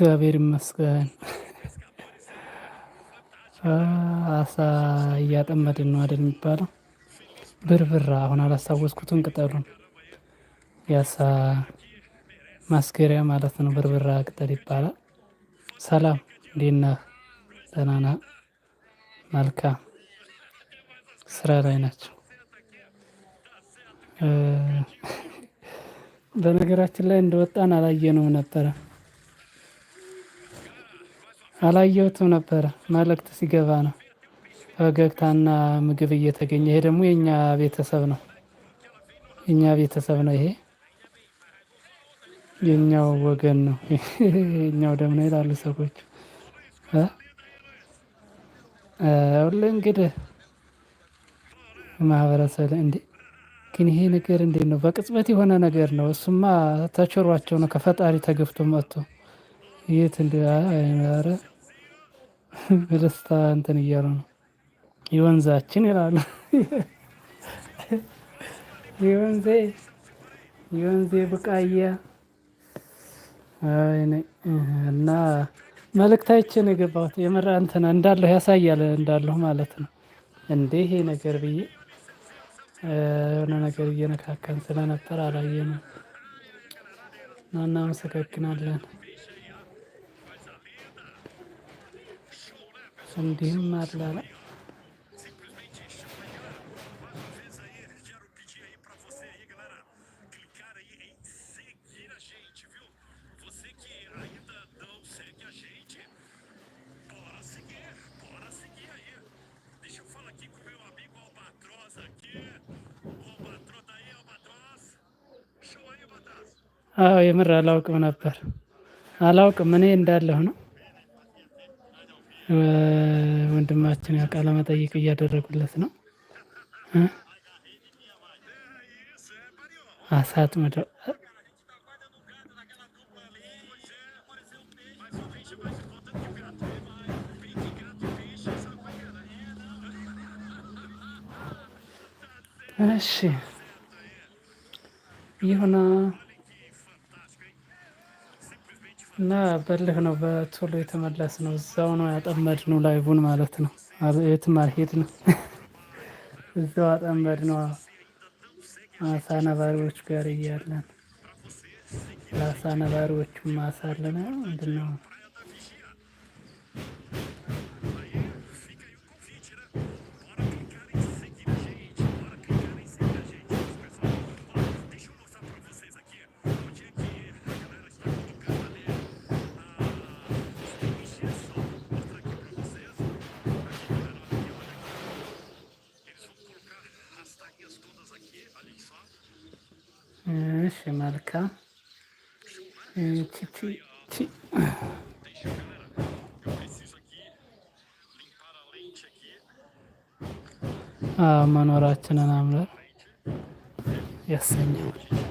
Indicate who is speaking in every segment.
Speaker 1: እግዚአብሔር ይመስገን። አሳ እያጠመድን ነው አይደል የሚባለው? ብርብራ አሁን አላስታወስኩትን ቅጠሉን የአሳ ማስገሪያ ማለት ነው። ብርብራ ቅጠል ይባላል። ሰላም እንዴት ነህ? ደህና ነህ? መልካም ስራ ላይ ናቸው። በነገራችን ላይ እንደወጣን አላየነውም ነበረ። አላየሁትም ነበረ። መልእክት ሲገባ ነው ፈገግታና ምግብ እየተገኘ ይሄ ደግሞ የእኛ ቤተሰብ ነው። የእኛ ቤተሰብ ነው። ይሄ የእኛው ወገን ነው። የእኛው ደም ነው ይላሉ ሰዎች። ሁሉ እንግዲህ ማህበረሰብ እንዴ! ግን ይሄ ነገር እንዴት ነው? በቅጽበት የሆነ ነገር ነው። እሱማ ተችሯቸው ነው ከፈጣሪ ተገፍቶ መጥቶ የት እንዲ እንደ በደስታ እንትን እያሉ ነው። የወንዛችን ይላሉ። የወንዜ የወንዜ ብቃያ እና መልእክታችን የገባሁት የምራ እንትን እንዳለሁ ያሳያል እንዳለሁ ማለት ነው። እንዴ ይሄ ነገር ብዬ የሆነ ነገር እየነካከን ስለነበር አላየ ነው እና እናመሰግናለን። እንዲህም አድላለ አለ አዎ የምር አላውቅም ነበር። አላውቅም እኔ እንዳለሁ ነው። ወንድማችን ያው ቃለ መጠይቅ እያደረጉለት ነው። አሳት መደ እሺ ይሁና። እና በልህ ነው በቶሎ የተመለስ ነው። እዛው ነው ያጠመድ ነው ላይቡን ማለት ነው። የትም አልሄድ ነው እዛው አጠመድ ነው። አሳ ነባሪዎች ጋር እያለን ለአሳ ነባሪዎቹ ነባሪዎቹም አሳለነ ምንድነው Szymelka. Ci, ci, ci. መኖራችንን አምረር ያሰኛል።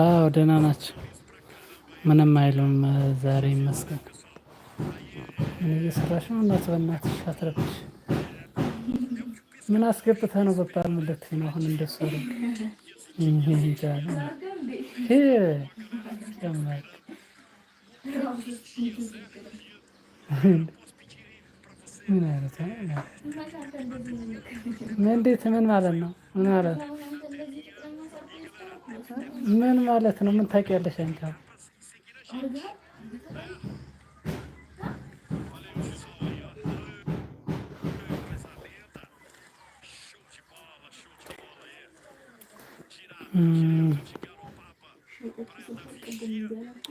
Speaker 1: አዎ ደህና ናቸው። ምንም አይሉም። ዛሬ ይመስገን። ምን እየሰራሽ ነው? እናት በእናትሽ አትረብሽ። ምን አስገብተ ነው በባል ምለት ነው አሁን እንደሱ ምን ማለት ነው? እንዴት ምን ማለት ነው? ምን ማለት ነው? ምን ማለት ነው? ምን ታውቂያለሽ? አንቺ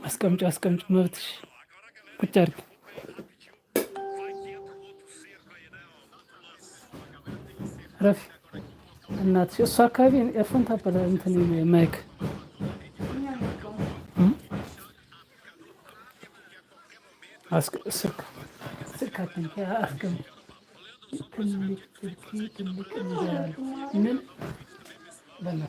Speaker 1: አስቀምጪ አስቀምጪ፣ መብትሽ ቁጭ አድርጊ። ረፊ እናትሽ እሱ አካባቢ ኤርፎን ታበላ እንትን ማይክ Askı sık. Sık atın ya askım. Tümlük, tümlük, Ben de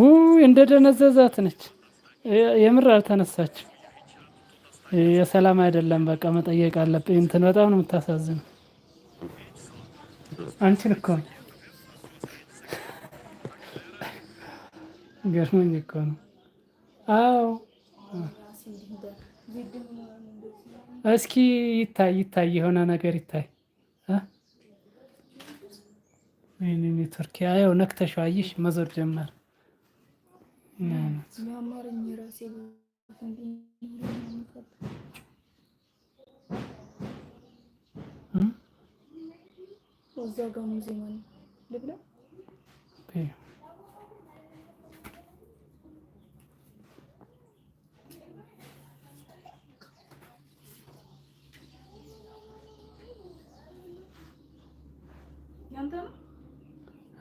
Speaker 1: ውይ እንደ ደነዘዛት ነች። የምር አልተነሳችም። የሰላም አይደለም። በቃ መጠየቅ አለብኝ። እንትን በጣም ነው የምታሳዝነው። አንቺን እኮ ገርሞኝ እኮ ነው። አዎ እስኪ ይታይ ይታይ፣ የሆነ ነገር ይታይ። ኔትወርክ ያው ነክተሸዋይሽ መዞር ጀመር። Nyamar nyiro sigo kundi nyiro nyamukot. Hmm? Ozo gamu hmm?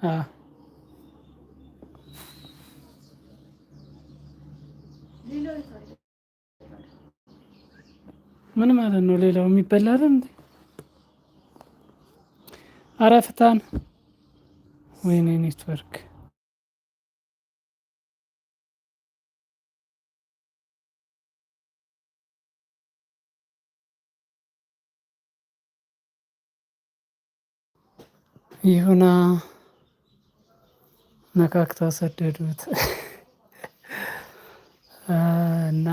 Speaker 1: Ah. ምን ማለት ነው? ሌላው የሚበላ አይደል እንዴ? ወይኔ ኔትወርክ ይሁና ነካክታ ሰደዱት እና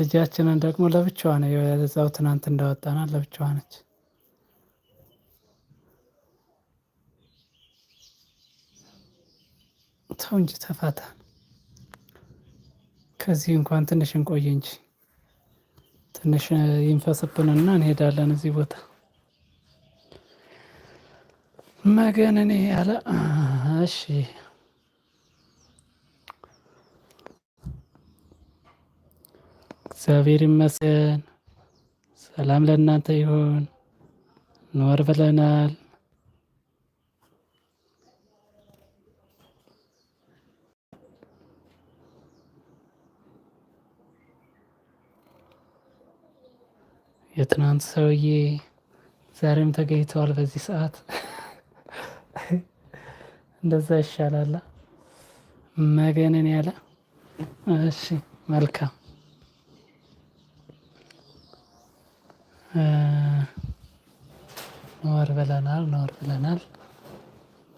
Speaker 1: ልጃችንን ደግሞ ለብቻዋ ነው የዛው ትናንት እንዳወጣናት ለብቻዋ ነች። ተው እንጂ ተፋታ። ከዚህ እንኳን ትንሽ እንቆይ እንጂ ትንሽ ይንፈስብንና እንሄዳለን። እዚህ ቦታ እኔ ያለ እሺ እግዚአብሔር ይመስገን። ሰላም ለእናንተ ይሁን። ኖር ብለናል። የትናንት ሰውዬ ዛሬም ተገኝተዋል። በዚህ ሰዓት እንደዛ ይሻላል መገንን ያለ እሺ፣ መልካም ነወር ብለናል ነወር ብለናል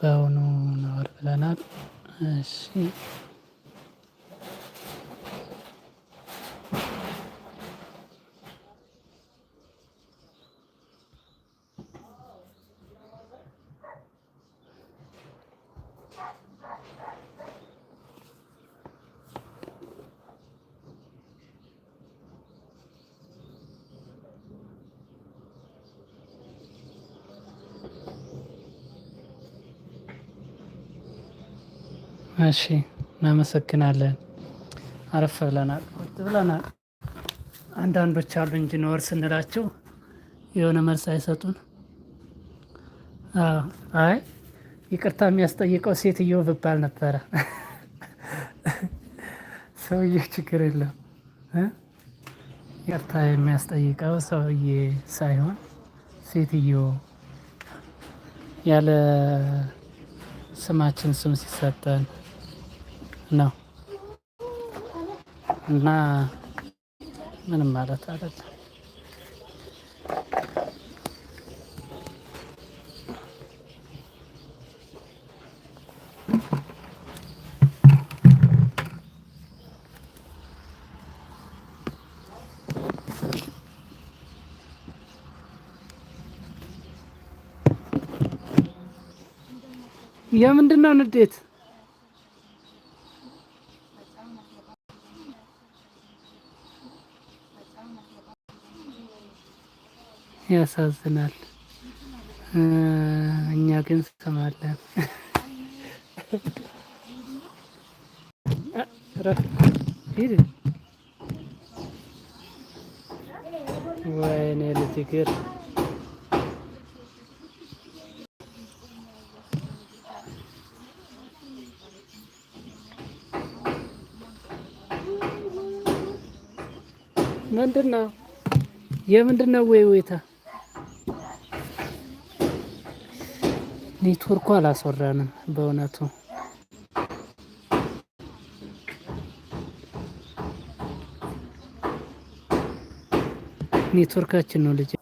Speaker 1: በውኑ ነወር ብለናል። እሺ እሺ እናመሰግናለን። አረፍ ብለናል፣ ቁጭ ብለናል። አንዳንዶች አሉ ኢንጂነር ስንላቸው የሆነ መልስ አይሰጡን። አይ ይቅርታ የሚያስጠይቀው ሴትዮ ብባል ነበረ። ሰውዬ ችግር የለም ይቅርታ የሚያስጠይቀው ሰውዬ ሳይሆን ሴትዮ ያለ ስማችን ስም ሲሰጠን ነው እና ምንም ማለት አይደለም። የምንድን ነው ንዴት? ያሳዝናል። እኛ ግን ሰማለን። ወይኔ ልጅግር ምንድን ነው? የምንድን ነው ወይ ወይታ ኔትወርኩ አላስወራንም በእውነቱ። ኔትወርካችን ነው ልጅ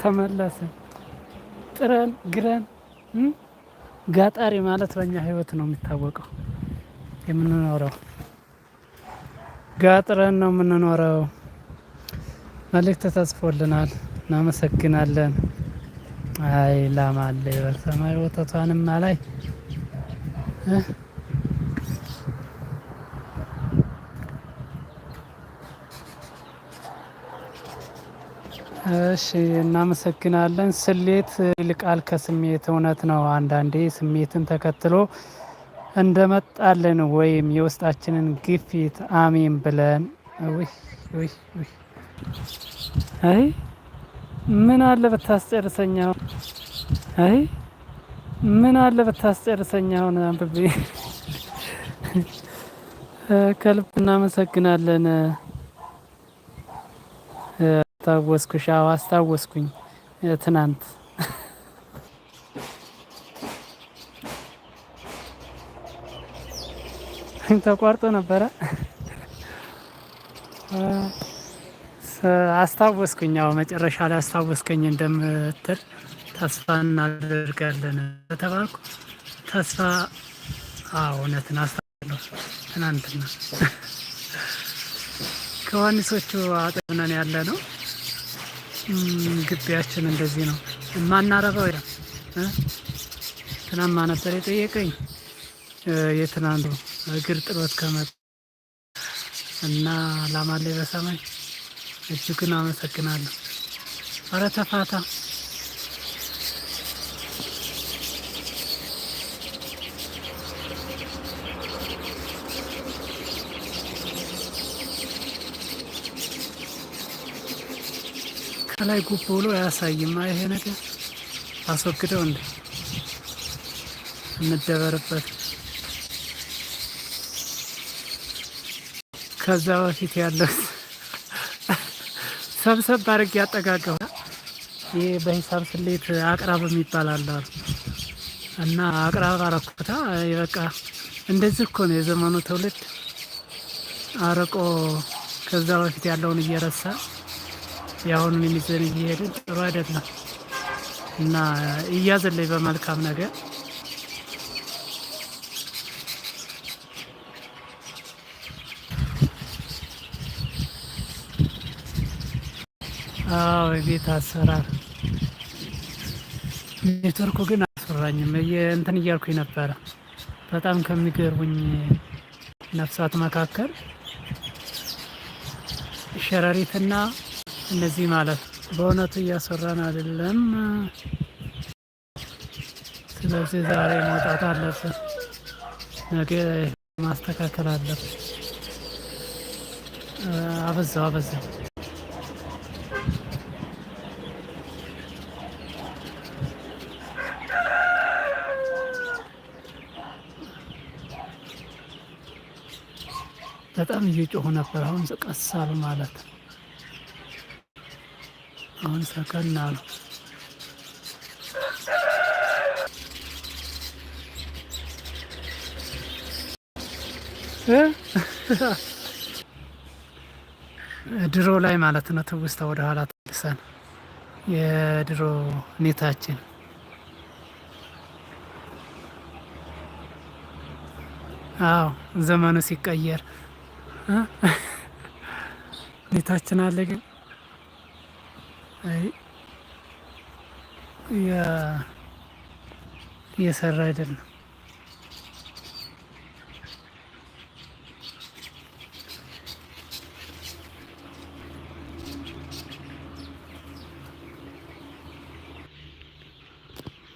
Speaker 1: ተመለስን። ጥረን ግረን ጋጣሪ ማለት በእኛ ህይወት ነው የሚታወቀው የምንኖረው ጋጥረን ነው የምንኖረው። መልእክት ተጽፎልናል። እናመሰግናለን። አይ ላማለ በሰማይ ወተቷንም አላይ እሺ እናመሰግናለን። ስሌት ይልቃል ከስሜት እውነት ነው። አንዳንዴ ስሜትን ተከትሎ እንደመጣልን ወይም የውስጣችንን ግፊት አሜን ብለን አይ ምን አለ ብታስጨርሰኛው አይ ምን አለ ብታስጨርሰኛ። አንብቤ ከልብ እናመሰግናለን። አስታወስኩሽ። አዎ አስታወስኩኝ። ትናንት ተቋርጦ ነበረ። አስታወስኩኝ። አዎ መጨረሻ ላይ አስታወስከኝ እንደምትል ተስፋ እናደርጋለን ተባልኩ። ተስፋ እውነትን አስታለሁ። ትናንትና ከዮሐንሶቹ አጠብነን ያለ ነው። ግቢያችን እንደዚህ ነው የማናረገው ይላል። ትናንት ነበር የጠየቀኝ የትናንቱ እግር ጥሎት ከመጡ እና ላማላይ በሰማይ እጅግን አመሰግናለሁ። ኧረ ተፋታ ከላይ ጉብ ብሎ አያሳይማ። ይሄ ነገር አስወግደው እንደ እንደበርበት ከዛ በፊት ያለው ሰብሰብ ባድርግ ያጠጋገው ይሄ በሂሳብ ስሌት አቅራብ የሚባል አለ እና አቅራብ አረኩታ በቃ እንደዚህ እኮ ነው የዘመኑ ትውልድ አርቆ ከዛ በፊት ያለውን እየረሳ የአሁኑን የሚዘን እየሄድን ጥሩ አይደለም እና እያዘለይ በመልካም ነገር አዎ የቤት አሰራር ኔትወርኩ ግን አስፈራኝም። እንትን እያልኩኝ ነበረ። በጣም ከሚገርቡኝ ነፍሳት መካከል ሸረሪትና እነዚህ ማለት በእውነቱ እያሰራን አይደለም። ስለዚህ ዛሬ መውጣት አለብን፣ ነገ ማስተካከል አለብን። አበዛው አበዛው በጣም እየጮሁ ነበር። አሁን ቀሳሉ ማለት ነው። አሁን ሰከን አሉ። ድሮ ላይ ማለት ነው። ትውስታ ወደ ኋላ ተመልሰን የድሮ ሁኔታችን አዎ፣ ዘመኑ ሲቀየር ሁኔታችን አለ ግን እየሰራ አይደለም።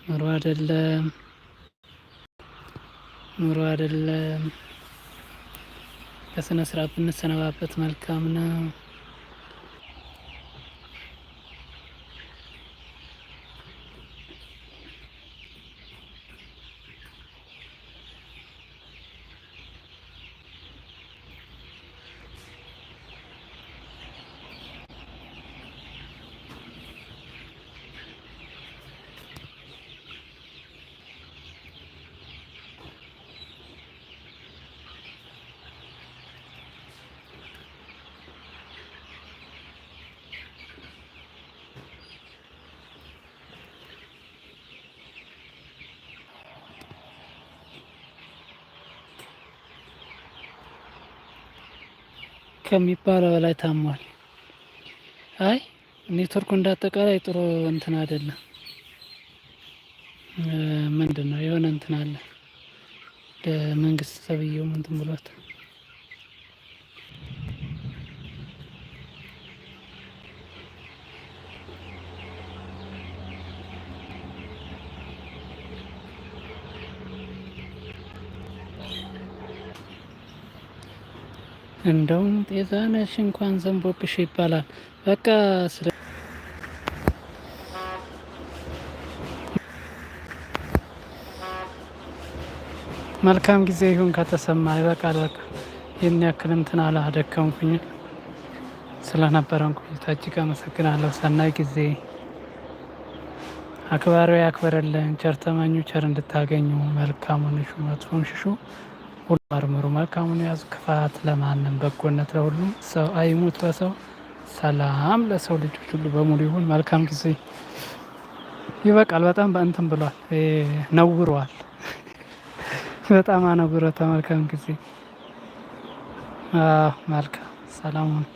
Speaker 1: ኑሮ አይደለም። ኑሮ አይደለም። በስነ ስርዓት ብንሰነባበት መልካም ነው። ከሚባለው በላይ ታሟል። አይ ኔትወርኩ እንዳጠቃላይ ጥሩ እንትን አይደለም። ምንድን ነው የሆነ እንትን አለ ለመንግስት ሰብየው እንትን ብሏት እንደውም ጤዛነሽ እንኳን ዘንቦብሽ ይባላል። በቃ ስለ መልካም ጊዜ ይሁን። ከተሰማ ይበቃል። በቃ ይህን ያክል እንትን አላደከምኩኝ። ስለነበረን ቆይታ እጅግ አመሰግናለሁ። ሰናይ ጊዜ። አክባሪው ያክበረልን። ቸር ተመኙ፣ ቸር እንድታገኙ። መልካሙን ሹመቱን ሽሹ ሁሉ መርምሩ መልካሙን ያዙ፣ ክፋት ለማንም በጎነት ለሁሉም ሰው አይሙት በሰው ሰላም ለሰው ልጆች ሁሉ በሙሉ ይሁን። መልካም ጊዜ ይበቃል። በጣም በእንትን ብሏል፣ ነውረዋል። በጣም አነውረ። መልካም ጊዜ መልካም ሰላሙን